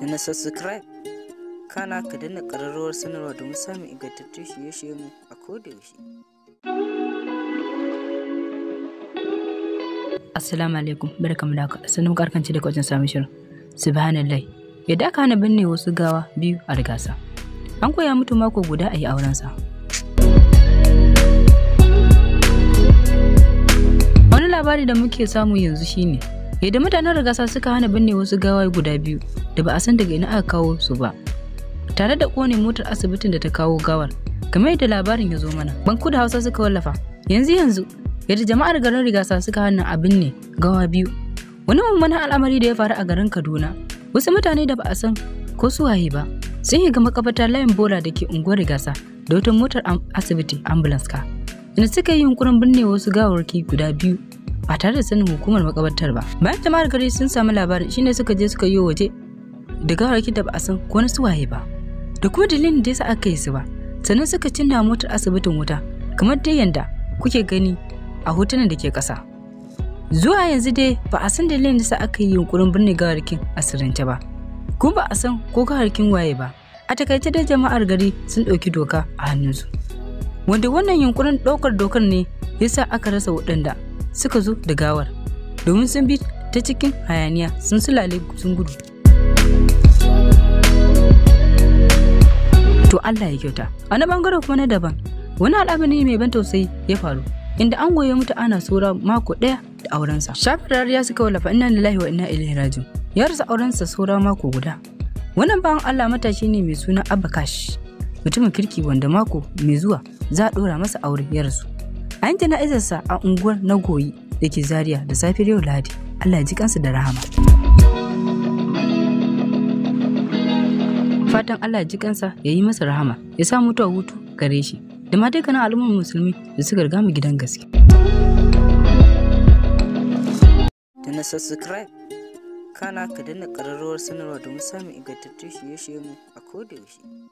da na subscribe kana ka dana ƙararrawar sanarwa domin samun ingantattun shirye mu a kodayaushe. Assalamu alaikum barkamu da haka sanin karkanci da wajen samun shirin subhanallah yadda aka hana binne wasu gawa biyu a rigasa an koya mutu mako guda a yi aurensa wani labari da muke samu yanzu shine yadda mutanen rigasa suka hana binne wasu gawar guda biyu da ba a san daga ina aka kawo su ba tare da kone motar asibitin da ta kawo gawar kamar yadda labarin ya zo mana banku da hausa suka wallafa yanzu yanzu yadda jama'ar garin rigasa suka hana a ne gawa biyu wani mummunan al'amari da ya faru a garin kaduna wasu mutane da ba a san ko su waye ba sun yi gama makabarta layin bola da ke unguwar rigasa da wata motar asibiti ambulance ka inda suka yi yunkurin binne wasu gawarki guda biyu ba tare da sanin hukumar makabartar ba bayan jama'ar gari sun samu labarin shine suka je suka yi waje da gawarki da ba a san ko na suwaye ba da kuma dalilin da yasa aka yi su ba sannan suka cinna motar asibitin wuta kamar dai yanda kuke gani a hotunan da ke ƙasa zuwa yanzu dai ba a san dalilin da sa aka yi yunkurin birnin gawarkin a sirrance ba kuma ba a san ko gawarkin waye ba a takaice dai jama'ar gari sun ɗauki doka a hannunsu wanda wannan yunkurin ɗaukar dokar ne yasa aka rasa waɗanda suka zo da gawar domin sun bi ta cikin hayaniya sun sulale sun gudu to Allah ya kyauta a na bangaren kuma na daban wani ne mai ban tausayi ya faru inda an goye mutu ana sura mako ɗaya da aurensa shafin ya suka wallafa inna lillahi wa inna ilaihi rajiun ya rasa aurensa sura mako guda wannan bawan Allah matashi ne mai suna kash. mutumin kirki wanda mako mai zuwa za a ɗora masa aure ya rasu An na'izarsa a unguwar Nagoyi da ke Zaria da safiyar yau Lahadi. Allah ji kansu da rahama. Fatan Allah ya ji kansa ya yi masa rahama, ya sa mutuwa hutu gare shi, da ma dukkanin al'ummar musulmi da suka riga mu gidan gaske. Da subscribe, kana ka dana kararrawar sanarwa domin samun ingantattun shirye-shirye mu a koda yaushe.